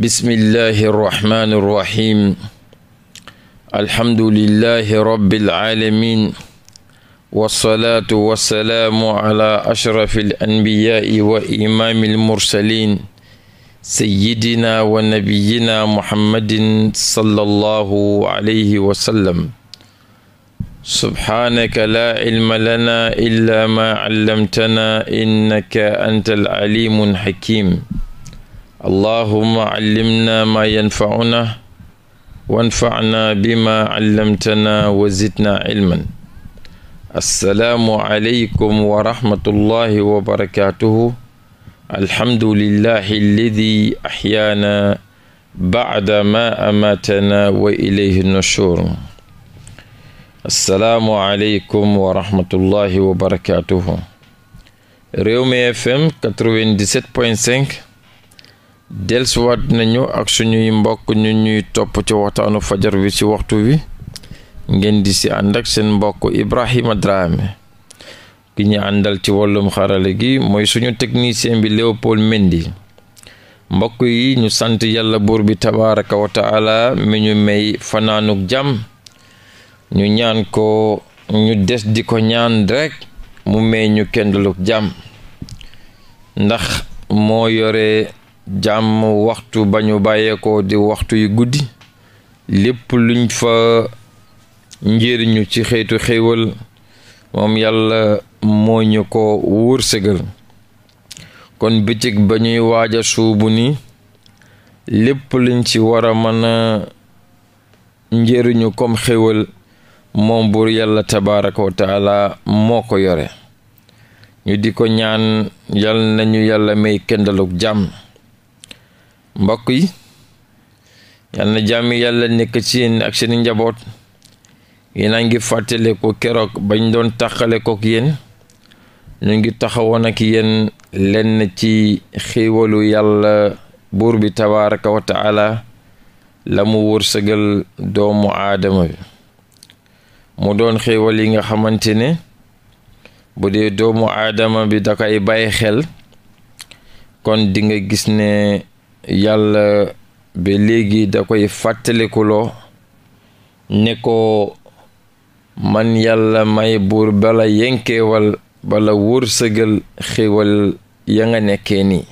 bismillahi irrahmani irrahim alhamdulillahi rabbil alamin wasalaatu wasalaamu ala ashrafi alanbiyaai wa imaami almursalin sayidina wa nabiyina muhammadin sallallahu alayhi wa sallam subhaanaka laa cilma lana illa ma callamtana innaka anta alcalimu alxakim allahuma callimna maa yanfacuna wanfacna bima callamtana wa zidna cilman assalaamu aleykum wa rahmatullahi wa barakatuhu alhamdulillahi alladi axyaana bacda ma amaatana wa ilayhi nushur assalaamu aleykum wa rahmatullahi wa barakatuhu Rewmi FM 97.5 delsiwaat nañu ak suñuy mbokk ñu ñuy topp ci waxtaanu fajar wi ci waxtu wi ngeen di ci ànd ak seen mbokk Ibrahima Dramé ki ñu àndal ci wàllum xarala gi mooy suñu technicien bi Léopold Mendy mbokk yi ñu sant yàlla buur bi tabaraka wa mi ñu may fanaanuk jàmm ñu ñaan ko ñu des di ko ñaan rek mu may ñu kendaluk jàmm ndax moo yore jàmm waxtu ba ñu bàyyeekoo di waxtu yu guddi lépp luñ fa njëriñu ci xeetu xéewal moom yàlla moo ñu ko wërsëgal kon bëccëg ba ñuy waaja suubu ni lépp luñ ci war a mën a njëriñu kom xéewal moom buur yàlla tabaaraka wa moo ko yore ñu di ko ñaan yal nañu yàlla may kendaluk jàmm mbokk yi yal jàmm yàlla nekk ci yéen ak seen njaboot yéen a ngi fàttale ko keroog bañ doon tàqale kook yéen ñu ngi taxawoon ak yéen lenn ci xéewalu yàlla buur bi tabaraka wa taala la mu wërsëgal doomu aadama bi mu doon xéewal yi nga xamante ne bu dee doomu aadama bi da koy bàyyi xel kon dinga gis ne yàlla bi léegi da koy fàttalikuloo ne ko man yàlla may buur bala yenkeewal bala wërsëgal xéwal ya nga nekkee nii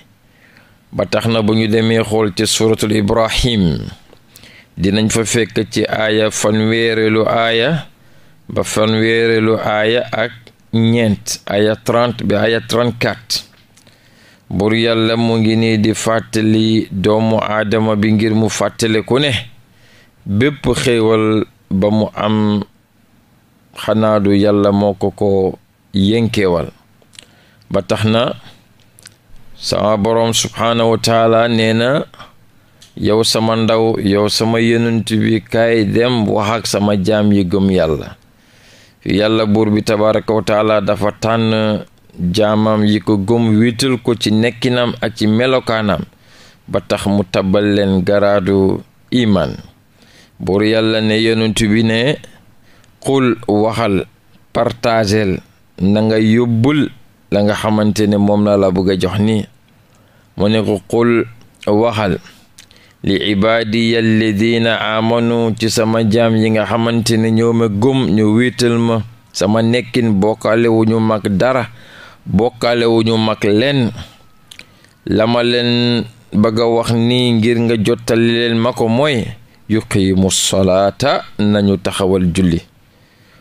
ba tax na bu ñu demee xool ci suratul ibrahim dinañ fa fekk ci aaya fanweerelu aaya ba fanweerelu aaya ak ñeent aaya 30 bi aaya bur yàlla mu ngi nii di fàttali doomu aadama bi ngir mu fàttale ku ne bépp xéewal ba mu am xanaa du yàlla moo ko ko yënkeewal ba tax na sama boroom subhaanahu wa nee na yow sama ndaw yow sama yenant bi kaay dem wax sama jaam yi gëm yàlla yàlla buur bi tabaraka wa dafa tànn jaamam yi ko gëm wiital ko ci nekkinam ak ci melokaanam ba tax mu tabal leen garaadu iman buur yàlla ne yonent bi ne xul waxal partagel na nga yóbbul la nga xamante ne moom la la bëgg a jox nii mu ne ko xul waxal li ibaadiya diina amanu ci sama jaam yi nga xamante ne ñoo ma gëm ñu wiital ma sama nekkin bokkaale wu ñu mag dara bokkalewuñu mag leen la ma leen bëgg wax nii ngir nga jottali leen ma ko mooy yuqiimu salaata nañu taxawal julli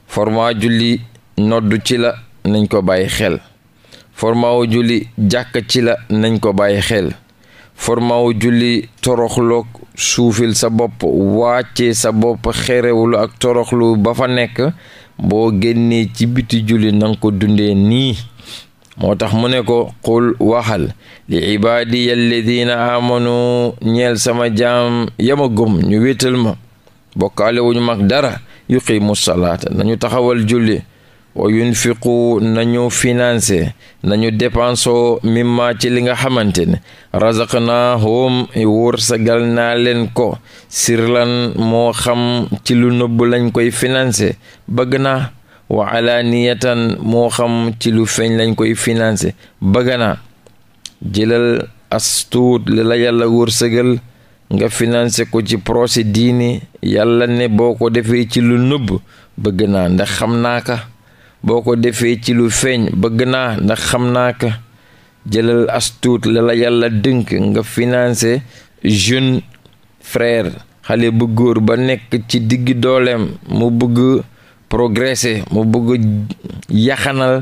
forma julli noddu ci la nañ ko bàyyi xel forma julli jàkk ci la nañ ko bàyyi xel forma julli toroxloog suufil sa bopp wàccee sa bopp xerewlu ak toroxlu ba fa nekk boo génnee ci biti julli nanga ko dunde nii moo tax mu ne ko qul waxal li ibaadiya alladina amanu ñeel sama jaam yama gëm ñu wéetal ma bokkaale wuñu mag dara yuqimu salaata nañu taxawal julli wa yunfiqu nañu financé nañu dépensoo mimma ci li nga xamante ne razaqnaahum wërsëgal naa leen ko sirlan moo xam ci lu nëbb lañ koy financé bëgg naa wa alaaniyatan moo xam ci lu feeñ lañ koy financé bëgg naa jëlal astuut li la yàlla wërsëgal nga financé ko ci projet diini yàlla ne boo ko defee ci lu nëbb bëgg naa ndax xam naa ka boo ko defee ci lu feeñ bëgg naa ndax xam naa ka jëlal astuut la la yàlla dënk nga financé jeune frère xale bu góor ba nekk ci digg dooleem mu bëgg progresser mu bëgg a yaxanal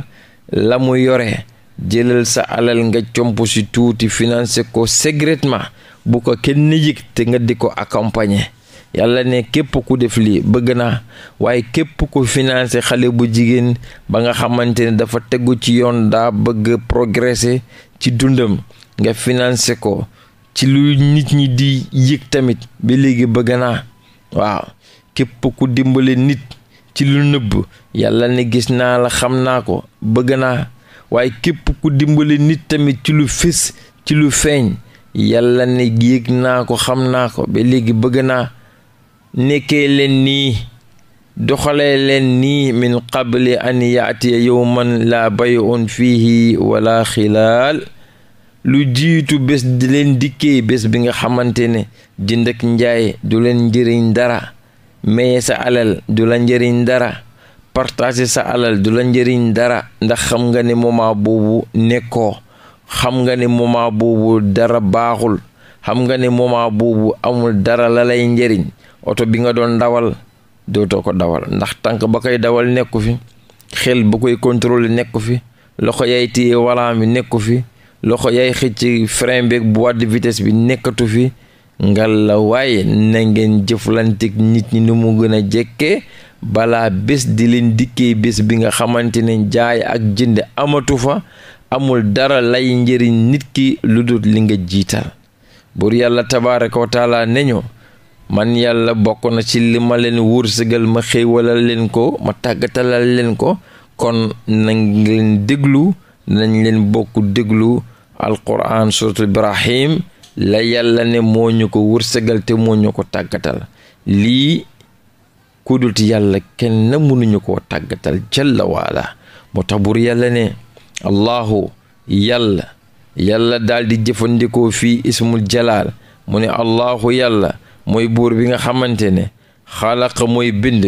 la mu yore jëlal sa alal nga comp si tuuti financer ko secrètement bu ko kenn yëg te nga di ko accompagner yàlla ne képp ku def li bëgg naa waaye képp ko financé xale bu jigéen ba nga xamante ne dafa tegu ci yoon daa bëgg progressé ci dundam nga financé ko ci lu nit ñi di yëg tamit bi léegi bëgg naa waaw képp ku dimbale nit ci lu nëbb yàlla ne gis naa la xam naa ko bëgg naa waaye képp ku dimbali nit tamit ci lu fés ci lu feeñ yàlla ne yëg naa ko xam naa ko ba léegi bëgg naa nekkee leen nii doxalee leen nii min qabli an yaatiya yowman laa bayun fiihi wala xilaal lu jiitu bés di leen dikkee bés bi nga xamante ne jënd njaay du leen njëriñ dara maye sa alal du la njëriñ dara partager sa alal du la njëriñ dara ndax xam nga ni moment boobu nekkoo xam nga ni moment boobu dara baaxul xam nga ne moment boobu amul dara la njëriñ oto bi nga doon dawal dootoo ko dawal ndax tànk ba koy dawal nekku fi xel ba koy contrôler nekku fi loxo yay téye walaam bi nekku fi loxo yay xëcc frein beeg bu de vitesse bi nekkatu fi ngal la waay na ngeen jëflanteeg nit ñi nu mu gën a jekke balaa bés di leen dikkee bés bi nga xamante ne jaay ak jënd amatu fa amul dara lay njëriñ nit ki lu dul li nga jiital buur yàlla tabaaraka ko taala ne man yàlla bokk na ci li ma leen wursigal ma xéewalal leen ko ma tàggatalal leen ko kon nañ leen déglu nañ leen bokk déglu alquran suratul ibrahim la yàlla ne moo ñu ko wërsëgal te moo ñu ko tàggatal lii ku dut yàlla kenn mënuñu ko tàggatal jalla waala moo tax bur yàlla ne allahu yàlla yàlla daldi jëfandikoo fii ismul jalaal mu ne allahu yàlla mooy buur wi nga xamante ne xalaqa mooy bind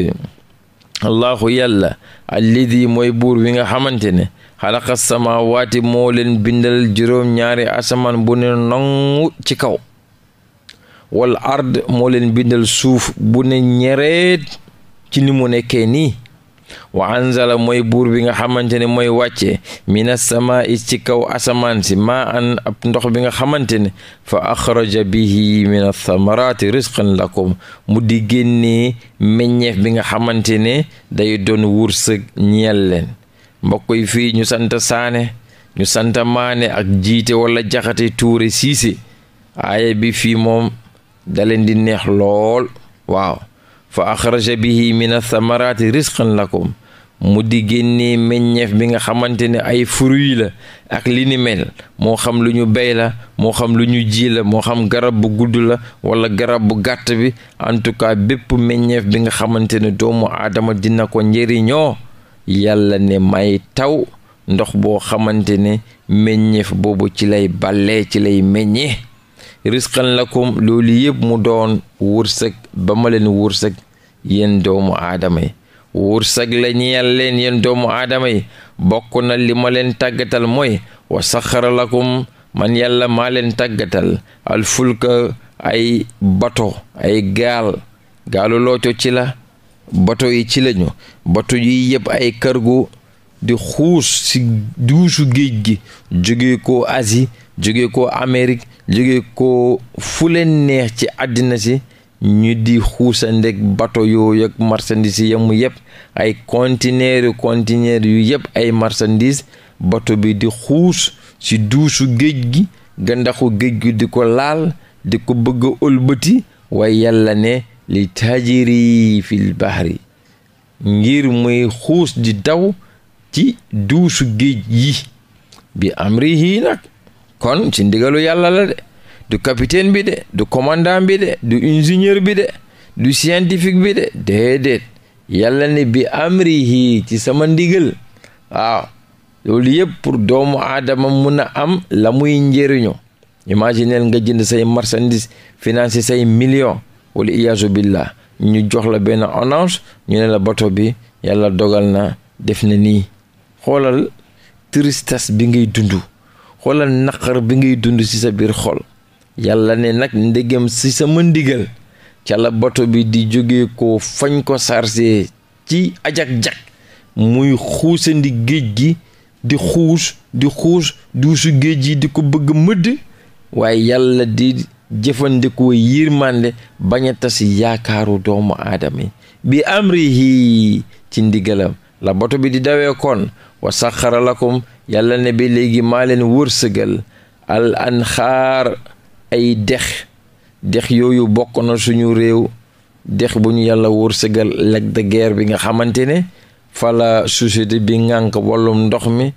allahu yàlla allidi mooy buur bi nga xamante ne xalaqa samawaati moo leen bindal juróom-ñaari asamaan bu ne nongu ci kaw wal ard moo leen bindal suuf bu ne ñereet ci ni mu nekkee nii wa anzala mooy buur bi nga xamante ne mooy wàcce mi na sama i ci kaw asamaan si maa an ab ndox bi nga xamante ne fa axraja bihi mina thamaraati risqan lakum mu di génnee meññeef bi nga xamante ne day doon wërsëg ñeel leen mbokk yi fii ñu sant saane ñu santa maane ak jiite wala jaxate tuure siise aaya bi fii moom daleen di neex lool waaw fa axraja bihi samaraati athamaraati la ko mu di génnee meññeef bi nga xamante ne ay fruit la ak li moo xam lu ñu bey la moo xam lu ñu ji la moo xam garab bu gudd la wala garab bu gàtt bi en tout cas bépp meññeef bi nga xamante ne doomu aadama dina ko njëriñoo yàlla ne may taw ndox boo xamante ne meññeef boobu ci lay balee ci lay meññee risqan lakum loolu yépp mu doon wërsëg ba ma leen wërsëg yéen doomu aadama yi wërsëg la ñeel leen yéen doomu aadama yi bokk na li ma leen tàggatal mooy wa saxara lakum man yàlla maa leen tàggatal al fulka ay bato ay gaal gaalu looco ci la bato yi ci lañu bato yi yëpp ay kër cargo di xuus ci duusu géej gi jóge ko asi jóge ko Amérique jóge ko fu leen neex ci àddina si ñu di xuusandeg bato yooyu ak marchandise yamu yëpp ay conteneur yu yu yëpp ay marchandise bato bi di xuus ci duusu géej gi gandaxu géej gi di ko laal di ko bëgg a ëlbëti waaye yàlla ne li tajiri fil ngir muy xuus di daw ci duusu géej yi bi amrihi nag kon ci ndigalu yàlla de du capitaine bi de du commandant bi de du ingénieur bi de du scientifique bi de déedéet yàlla ne bi amrihi ci sama ndigal waaw loolu yëpp pour doomu aadama mun a am la muy njëriñu imagineel nga jënd say marchandise financé say million wala iyaasu billah ñu jox la benn annonce ñu ne la bato bi yàlla dogal na def na nii xoolal tristesse bi ngay dund xoolal naqar bi ngay dund ci sa biir xol yàlla ne nag ndegam ci sama ndigal ca la bato bi di jóge ko fañ ko sarse ci ajak-jak muy xuusandi géej gi di xuus di xuus duusu géej gi di ko bëgg mëdd waaye yàlla di jëfandikoo yirmande bañ a tas yaakaaru doomu aadam yi bi amrihi ci ndigalam la boto bi di dawee kon wa saxara lakum yàlla ne bi léegi maa leen wërsëgal al xaar ay dex dex yooyu bokk na suñu réew dex bu ñu yàlla wërsëgal Lac de Guiers bi nga xamante ne fala société bi ŋànk wàllum ndox mi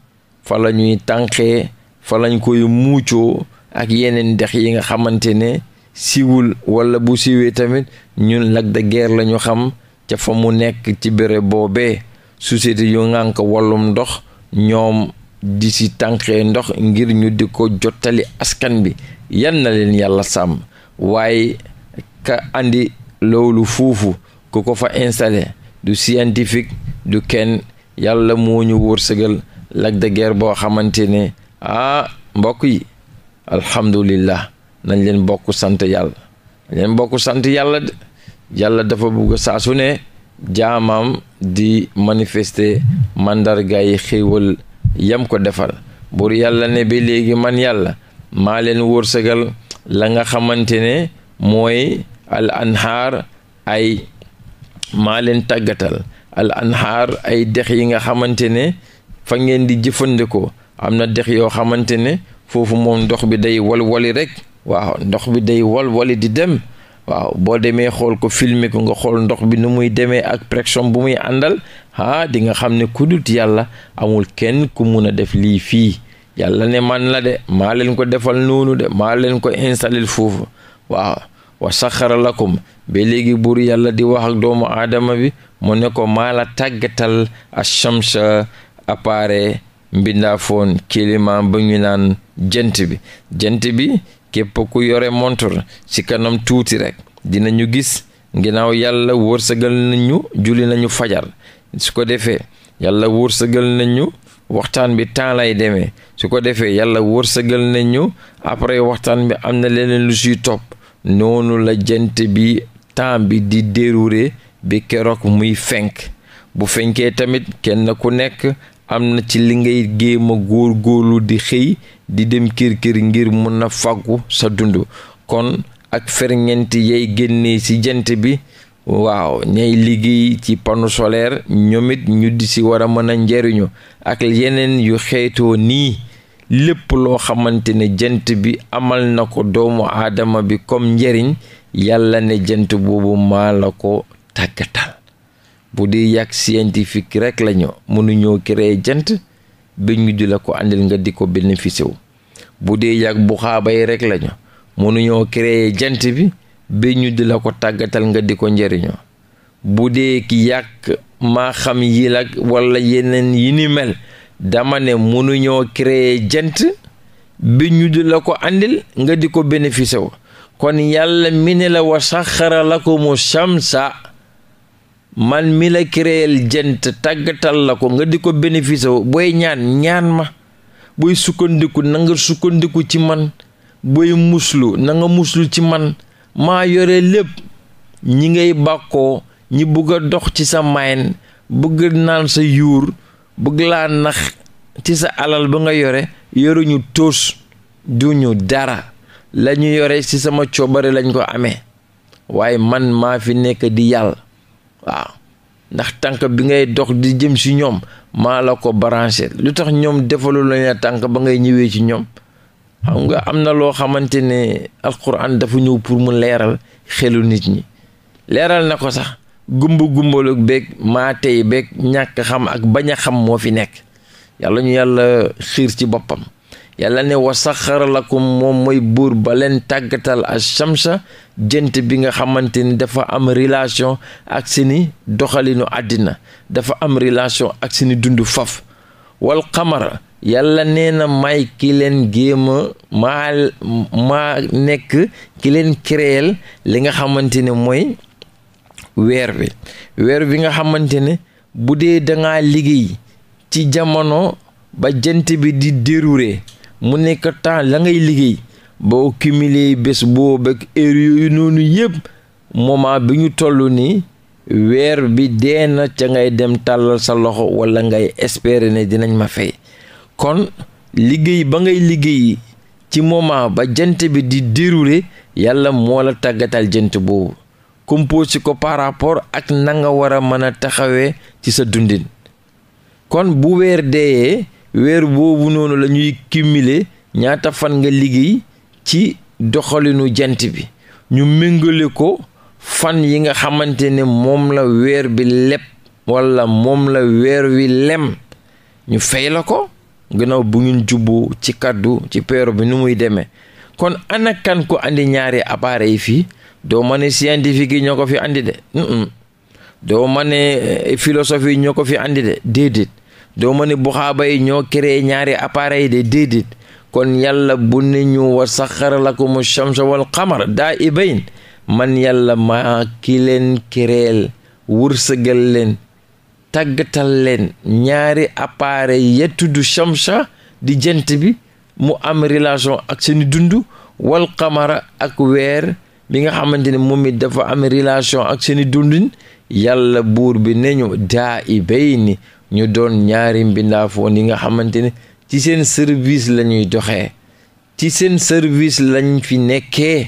fala ñuy tànqee falañ koy muucoo ak yeneen dex yi nga xamante ne siwul wala bu siwee tamit ñun Lac de Guiers xam ca fa mu nekk ci béréb boobee société yu ngànk wàllum ndox ñoom di si tànqee ndox ngir ñu di ko jottali askan bi yan na leen yàlla sàmm waaye ka andi loolu foofu ku ko fa installé du scientifique du kenn yàlla moo ñu wërsëgal Lac de Guiers boo xamante ne ah mbokk yi alhamdulillah nañ leen bokk sant yàlla nañ sant yàlla yàlla dafa bugg saasu ne jaamam di manifester mandarga yi xéewal yam ko defal buur yàlla ne bi léegi man yàlla maa leen wërsëgal la nga xamante ne mooy al anhaar ay maa leen tàggatal al anhaar ay dex yi nga xamante ne fa ngeen di jëfandikoo am na dex yoo xamante ne foofu moom ndox bi day walwali rek waaw ndox bi day walwali di dem waaw boo demee xool ko filmer ko nga xool ndox bi nu muy demee ak pression bu muy àndal ah di nga xam ne ku dut yàlla amul kenn ku mun a def lii fii yàlla ne man la de maa leen ko defal noonu de maa leen ko installé foofu waaw wa saxara lakum ba léegi buur yàlla di wax doomu aadama bi mu ne ko maala la tàggatal a chamsa appareil mbindaafoon kilimaam ba ñu naan jant bi jant bi képp ku yore montor ci kanam tuuti rek dinañu gis ginnaaw yàlla wërsëgal nañu julli nañu fajar su ko defee yàlla wërsëgal nañu waxtaan bi temps lay demee su ko defee yàlla wërsëgal nañu après waxtaan bi am na leneen lu siy topp noonu la jant bi temps bi di déroulé bi keroog muy fenk bu fenkee tamit kenn ku nekk am na ci li ngay géem góor góorlu di xëy di dem kër kër ngir mun a fàggu sa dund kon ak ferñeent yay génnee ci jant bi waaw ñay liggéey ci panneau solaire ñoom ñu di si war a mën a njariñu ak yeneen yu xeetoo nii lépp loo xamante ne jant bi amal na ko doomu aadama bi comme njariñ yàlla ne jant boobu maa la ko tàggatal bu dee yàgg scientifique rek lañu mënuñoo créer jant ba ñu di la ko àndil nga di ko bénéficier wu bu dee yàgg bu xaabay rek lañu mënuñoo créer jant bi ba ñu di la ko tàggatal nga di ko njëriñoo bu dee ki yàq maaxam xam yi la wala yeneen yi ni mel dama ne mënuñoo créer jant bi ñu di la ko andil nga di ko bénéficier wu kon yàlla mi ne la wa saxara lakumu shamsa man mi la créel jant tàggatal la ko nga di ko bénéfice booy ñaan ñaan ma booy sukkandiku na nga sukkandiku ci man booy muslu na nga ci man maa yore lépp ñi ngay bàkkoo ñi bëgg a dox ci sa mayen bëgg naan sa yuur bëgg laa nax ci sa alal ba nga yore yoruñu tóos duñu dara la yore ci sama coobare lañ ko amee waaye man maa fi nekk di yàlla waaw ndax tànk bi ngay dox di jëm si ñoom maa la ko branché lu tax ñoom defalu la tànk ba ngay ñëwee ci ñoom xam nga am na loo xamante ne alquran dafa ñëw pour mu leeral xelu nit ñi leeral na ko sax gumba gumbalug beeg maa tey beeg ñàkk xam ak bañ a xam moo fi nekk yàlla ñu yàlla xiir ci boppam yàlla ne wa saxara lakum moom mooy buur ba leen tàggatal ak shamsa jënt bi nga xamante ni dafa am relation ak seeni doxalinu àddina dafa am relation ak seeni dund faf wal xamara yàlla nee na may ki leen géema maa nekk ki leen créel li nga xamante ne mooy weer wi weer bi nga xamante ne bu dee danga liggéey ci jamono ba jënt bi di déroulé mu nekk temps la ngay liggéey boo cumuler bés boo bëgg heure yooyu noonu yëpp moment bi ñu toll nii weer bi dee na ca ngay dem tàllal sa loxo wala ngay espérer dinañ ma fay kon liggéey ba ngay liggéey ci moment ba jant bi di dérouler yàlla moo la tàggatal jant boobu composé ko par rapport ak na nga war a mën a taxawee ci sa dundin kon bu weer deeyee weer boobu noonu la ñuy cumuler ñaata fan nga liggéey ci doxalinu jant bi ñu méngole ko fan yi nga xamante ne moom la weer bi leb walla moom la weer wi lem ñu fay la ko gannaaw bu ngeen jubboo ci kàddu ci peero bi nu muy demee kon ana kan ko andi ñaari appareil fii doo ma ne scientifique yi ñoo ko fi andi de doo ma ne eh, yi ñoo ko fi andi de déedéet doo ma ne buxaaba yi ñoo créé ñaari appareil de déedéet kon yàlla bu ne ñu wa saxara lakum shamsa wal qamar daa ibayn man yàlla maa ki leen créel wërsëgal leen tàggatal leen ñaari appareil ya tudd shamsa di jant bi mu am relation ak seeni dund wal qamara ak weer bi nga xamante ne moom dafa am relation ak seeni dundin yàlla buur bi ne ñu daa ibayni ñu doon ñaari mbindaafoon yi nga xamante ne ci seen service lañuy ñuy ci seen service lañu fi nekke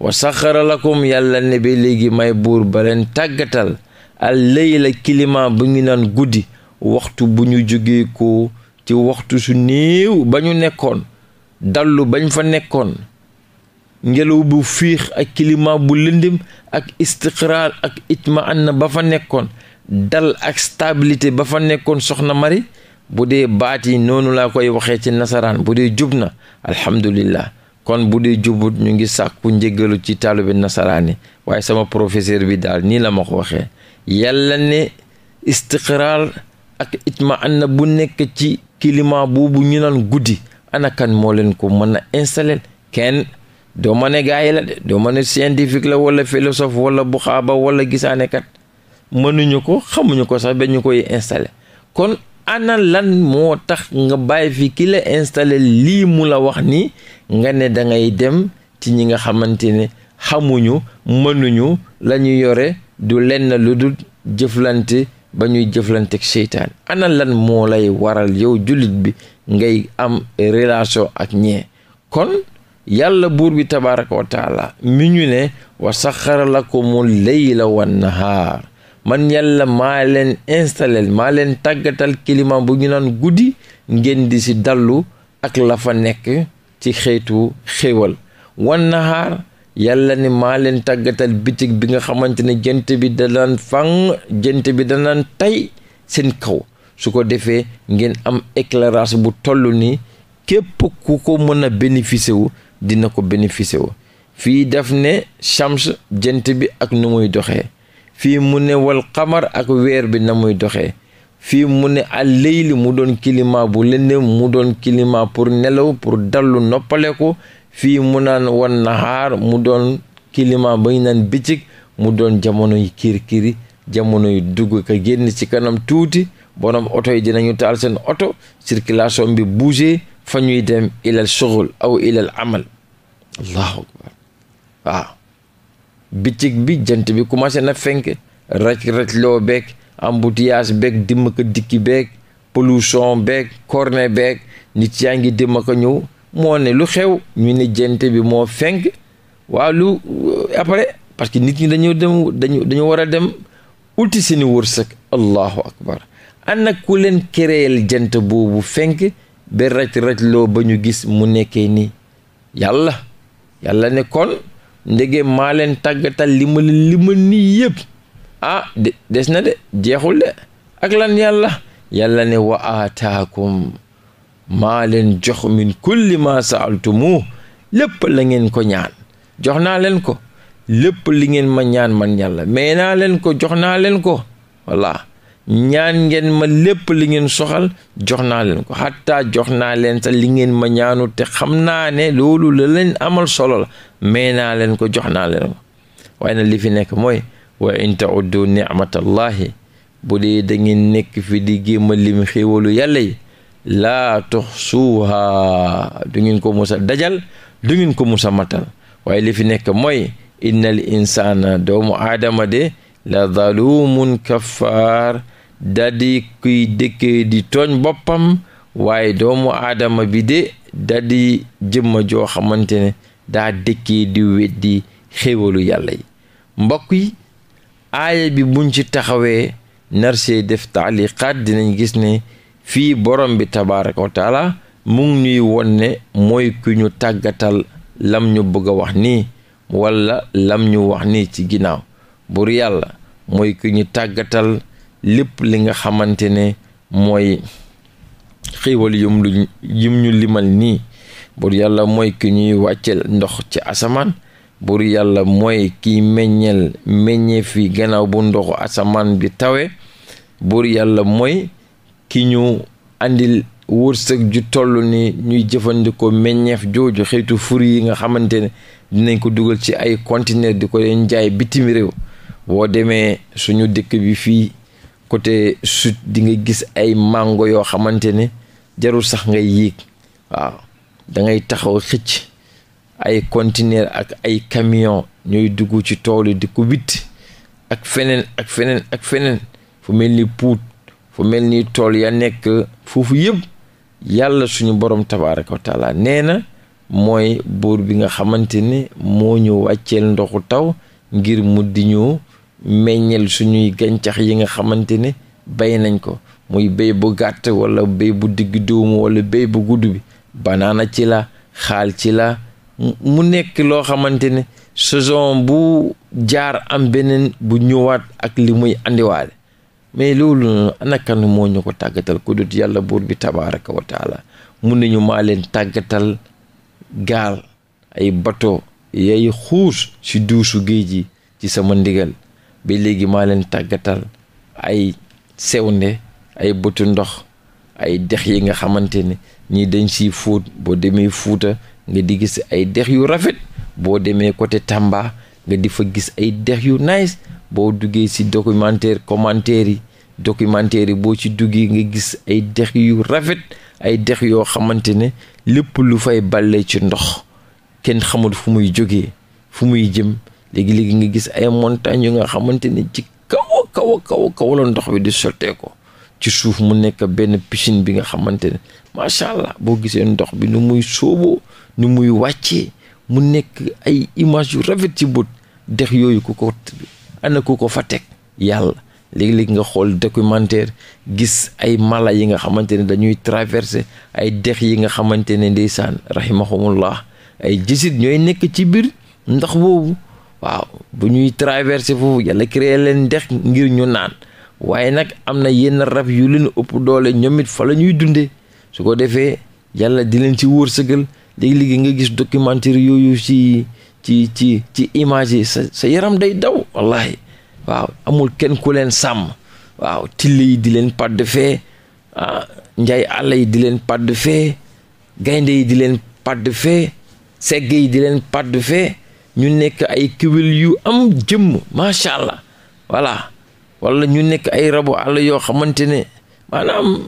wa saxara yàlla ne léegi may buur ba leen tàggatal al layla climat bu ngi naan guddi waxtu bu ñu jógee ci waxtu su néew ba ñu nekkoon dallu bañ fa nekkoon ngelaw bu fiix ak climat bu lëndëm ak istiqraar ak itma ba fa nekkoon dal ak stabilité ba fa nekkoon soxna mari bu dee baat yi noonu laa koy waxee ci nasaraan bu dee jub na alhamdulillah kon bu dee jubut ñu ngi sàkku njégalu ci taalibe nasaraan yi waaye sama professeur bi daal nii la ma ko waxee yàlla ne istiqraar ak itma na bu nekk ci climat boobu ñu naan guddi anakan moo leen ko mën a installer kenn doo ma ne gaay la de doo ma ne la wala philosophe wala buxaaba wala gisaanekat mënuñu ko xamuñu ko sax ba ñu koy installé kon ana lan moo tax nga bàyyi fi ki la installé lii mu la wax nii nga ne dangay dem ci ñi nga xamante ne xamuñu mënuñu la ñu yore du lenn lu dul jëflante ba ñuy jëflanteeg seytaan ana lan moo lay waral yow jullit bi ngay am relation ak ñee kon yàlla buur bi tabaraka wa taala ñu ne wa saxara lakumul la wan nahaar man yàlla maa leen installé maa leen tàggatal climat bu ñu naan guddi ngeen di ci dallu ak lafa nekk ci xeetu xéewal wan naxaar yàlla ne maa leen tàggatal bitig bi nga xamante ne jant bi danaan fang jant bi da danaan tey seen kaw su ko defee ngeen am éclairage bu toll ni képp ku ko mën a bénéficier wu dina ko bénéficier wu fii def ne chams jant bi ak nu muy doxee fii mu ne wal xamar ak weer bi na muy doxee fii mu ne àlleyli mu doon climat bu lëndëm mu doon climat pour nelaw pour dallu noppaleku fii mu naan wan naxaar mu doon climat ba ñu naan bëccëg mu doon jamono yi kirkiri jamono yu dugg ka génn ci kanam tuuti borom oto yi dinañu taal seen oto circulation bi bouger fa ñuy dem ilal shughul aw ilal amal allahu akbar waaw bitig bi jant bi commencé na fenk raj-raj loo beeg embouteillage beeg dimma ko dikki beeg pollution beeg corne beeg nit yaa ngi dimma ko ñëw moo ne lu xew ñu ne jant bi moo fenk waaw lu après parce que nit ñi dañu dem dañu war a dem ulti seeni wërsëg allahu akbar ana ku leen kéréel jant boobu fenk ba raj-raj loo ba ñu gis mu nekkee ni yàlla yàlla ne kon ndege maa leen tàggatal li ma li ma nii yëpp ah des na de jeexul de ak lan yàlla yàlla ne wa aataakum maa leen jox min kulli ma saaltumu lépp la ngeen ko ñaan jox naa leen ko lépp li ngeen ma ñaan man yàlla may naa ko jox naa leen ko walla ñaan ngeen ma lépp li ngeen soxal jox naa leen ko xataa jox naa leen sax li ngeen ma ñaanu te xam naa ne loolu la leen amal solo la may naa leen ko jox naa leen ko waaye nag li fi nekk mooy wa in tauddu nicmatallahi bu dee nekk fi di gémma lim xéewalu yàlla yi laa tuxsuuha du ngeen ko musa dajal du ngeen ko musa matal waaye li fi nekk mooy innal insaana doomu aadama de la zalumun kaffaar daldi kuy dëkkee di tooñ boppam waaye doomu aadama bi de daldi jëmma joo xamante ne daa dëkkee di weddi xéewalu yàlla yi mbokk yi aaya bi buñ ci taxawee narsee def taaliqaat dinañ gis ne fii borom bi tabaraka wa taala mu ngi ñuy mooy ku ñu tàggatal lam ñu bëgg a wax nii walla lam ñu wax nii ci ginnaaw bur yàlla mooy ku ñu tàggatal lépp li nga xamante ne mooy xiiwal yum lu limal nii buur yàlla mooy ki ñuy wàccel ndox ci asamaan buur yàlla mooy kiy meññeel meññee gannaaw bu ndoxu asamaan bi tawe buur yàlla mooy ki ñu andil wërsëg ju toll ni ñuy jëfandikoo meññeef jooju xeetu furi yi nga xamante ne dinañ ko dugal ci ay conteneur di ko leen jaay bitim réew boo demee suñu dëkk bi fii côté sud di nga gis ay mango yoo xamante ne jarul sax ngay yéeg waaw dangay taxaw xëcc ay conteneur ak ay kamiyon ñooy dugg ci tool yi di ko witt ak feneen ak feneen ak feneen fu mel ni puut fu mel ni tool ya nekk foofu yëpp yàlla suñu boroom tabaaraka wa taala nee na mooy buur bi nga xamante ne moo ñu wàcceel ndoxu taw ngir mu di ñu meññal suñuy gàncax yi nga xamante ne bay nañ ko muy béy bu gàtt wala béy bu digg dóomu wala béy bu gudd bi banaana ci la xaal ci la mu nekk loo xamante ne saison bu jaar am beneen bu ñëwaat ak li muy andiwaale mais loolu noonu anakan moo ñu ko tàggatal ku dut yàlla buur bi tabaraka wa taala mun nañu maa leen tàggatal gaal ay bato yay xuus ci duusu géej yi ci sama ndigal ba léegi maa leen tàggatal ay sew sewnde ay bëtu ndox ay dex yi nga xamante ne ñii dañ siy fuut boo demee fuuta nga di gis ay dex yu rafet boo demee côté Tamba nga di fa gis ay dex yu nice boo duggee si documentaire commentaire yi documentaire yi boo ci duggee nga gis ay dex yu rafet ay dex yoo xamante ne lépp lu fay balle ci ndox kenn xamul fu muy jógee fu muy jëm léegi-léegi nga gis ay montagne yu nga xamante ni ci kaw a kaw kaw a la ndox bi di sottee ko ci suuf mu nekk benn piscine bi nga xamante ne macha allah boo gisee ndox bi nu muy sóoboo nu muy wàccee mu nekk ay image yu rafet ci but dex yooyu ku ko ana ku ko fa teg yàlla léegi-léegi nga xool documentaire gis ay mala yi nga xamante ne dañuy traverser ay dex yi nga xamante ne ndeysaan rahimahumullah ay jisit ñooy nekk ci biir ndax boobu waaw bu ñuy traversé foofu yàlla créé leen dex ngir ñu naan waaye nag am na yenn rab yu leen ëpp doole ñoom it fa la ñuy dundee su ko defee yàlla di leen ci wërsëgal léegi-léegi nga gis documentaire yooyu ci ci ci ci image sa sa yaram day daw wallahi waaw amul kenn ku leen sàmm waaw till yi di leen padd fee ah njaay àll yi di leen padd fee gaynde yi di leen padd fee segg yi di leen padd fee ñu nekk ay kiwil yu am jëmm macha allah voilà wala ñu nekk ay rabu àll yoo xamante ne maanaam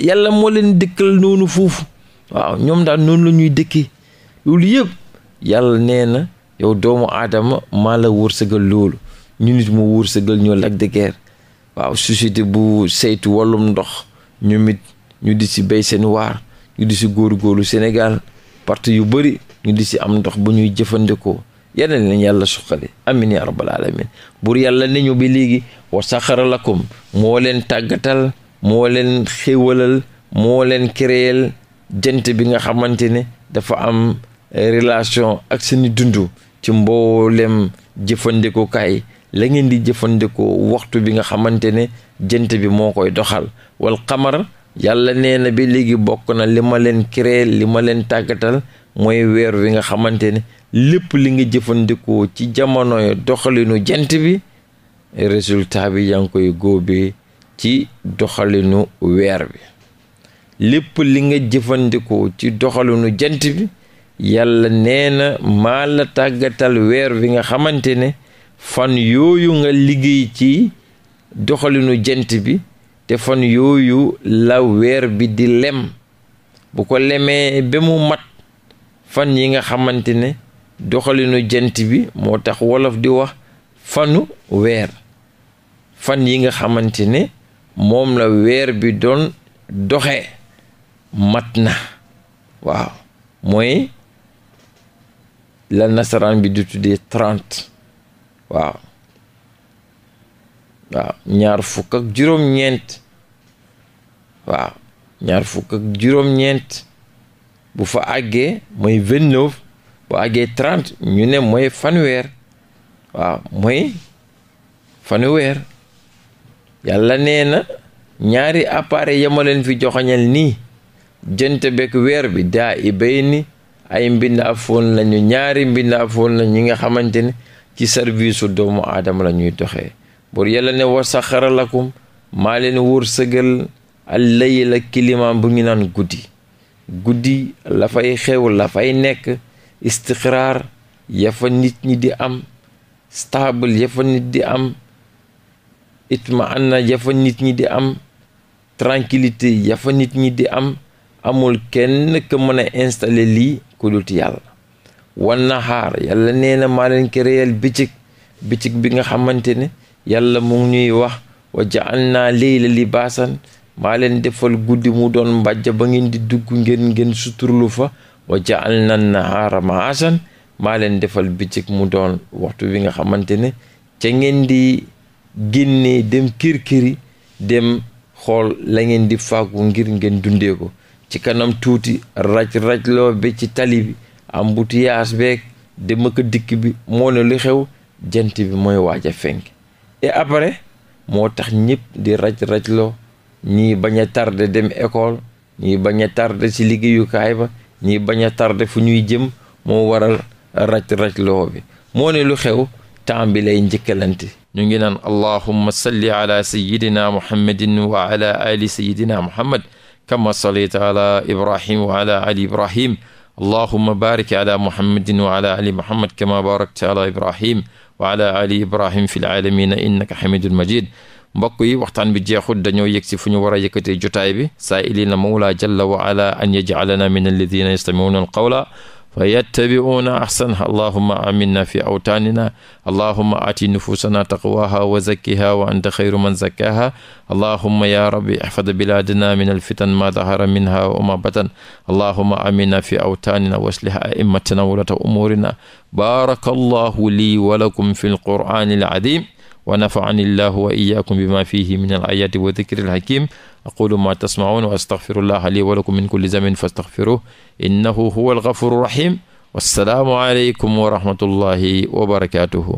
yàlla moo leen dëkkal noonu foofu waaw ñoom daal noonu la ñuy dëkkee loolu yëpp yàlla nee na yow doomu aadama maa la wërsëgal loolu ñu nit mu wërsëgal ñoo Lac de waaw société bu seytu wàllum ndox ñoom it ñu di si béy seen waar ñu di si góorgóorlu Sénégal parti yu bari ñu di si am ndox bu ñuy jëfandikoo yeneen nañ yàlla suqali amin ya rabbal alamin yàlla yàlla ñu bi léegi wa saxara lakum moo leen tàggatal moo leen xéwalal moo leen créel jant bi nga xamante ne dafa am eh, relation ak seeni dund ci mboolem jëfandikukaay la ngeen di jëfandikoo waxtu bi nga xamante ne jënt bi moo koy doxal wal qamar yàlla nee na bi léegi bokk na li ma leen li ma leen tàggatal mooy weer wi nga xamante ne lépp li nga jëfandikoo ci jamonoy doxalinu jant bi résultat bi yaa ngi koy góobee ci doxalinu weer bi lépp li nga jëfandikoo ci doxalinu jant bi yàlla nee na maa la tàggatal weer wi nga xamante ne fan yooyu nga liggéey ci doxalinu jant bi te fan yooyu la weer bi di lem bu ko lemee ba mu mat fan yi nga xamante ne doxalinu jant bi moo tax wolof di wax fanu weer fan yi nga xamante ne moom la weer bi doon doxe mat na waaw mooy la nasaraan bi du tuddee trent waaw waaw ñaar fukk ak juróom-ñeent waaw ñaar fukk ak juróom-ñeent bu fa àggee mooy vingt bu àggee trente ñu ne mooy fanweer waaw mooy fanweer yàlla nee na ñaari appareil ya ma leen fi joxoñal nii jënt bekk weer bi daa i bay ni ay mbind afoon lañu ñaari mbind afoon lañu ñi nga xamante ne ci service doomu aadama la ñuy doxee bur yàlla ne wa saxara lakum maa leen wër sëgal al layla kilimaan bu ñu naan guddi guddi lafay fay xew la nekk istixraar yafa nit ñi di am stable yafa nit di am itmaana na fa nit ñi di am tranquillité yafa nit ñi di am amul kenn ka mën installe lii ku dut yàlla wan naxaar nee na maa leen kéréyal bëccëg bëccëg bi nga xamante ne yàlla mu ñuy wax wa ja'alnaa leyla libaasan maa leen defal guddi mu doon mbàjj ba ngeen di dugg ngeen ngeen suturlu fa wa ja'alna nahaara ma'ashan maa leen defal bëccëg mu doon waxtu bi nga xamante ne ca ngeen di génnee dem kirkiri dem xool la ngeen di faagu ngir ngeen dundee ko ci kanam tuuti raj-rajloo bi ci tali bi am butiyaas beeg dem ak dikk bi moo ne lu xew jant bi mooy waaj a fenk et après moo tax ñëpp di raj-rajloo ñii bañ a tardé dem école ñii bañ a tardé ci liggéeyukaay ba ñii bañ a tardé fu ñuy jëm moo waral raj-raj loo bi moo ne lu xew temps bi lay njëkkalante ñu ngi naan allahumma salli ala sayidina muhammadin wa ala ali sayidina muhammad kama sallayta ala ibrahim wa ala ali ibrahim allahumma barik ala muhammadin wa ala ali muhammad kama barakta ala ibrahim wa ala ali ibrahim fi l alamina innaka hamidun majid mbokk yi waxtaan bi jeexul dañoo yëg si fu ñu war a yëkkatee jotaay bi saa ilina mawla jalla wa ala an yajalana min alladina yastamiuna alqawla fa yattabi'uuna ahsanahu allahuma aminna fi awtaanina allahuma aati nufuusanaa taqwaaha wa zakkiha wa anta xayru man zakkaaha allahuma ya rabbi ihfad bilaadana min alfitan ma dahara minha wa ma batan allahuma aminna fi awtaanina wa aslih a'immatina wa wulaata umuurina baaraka allahu lii wa lakum fi alqur'aani al'aziim wa nafaani illahu wa iyaakum bima fihi min al ayati wa dikri al hakim aqulu ma tasmaun wa astaghfirullaha li wa lakum min kulli zamin fastaghfiruhu innahu huwa al ghafuru rahim wassalaamu aleykum wa rahmatullahi wa barakatuhu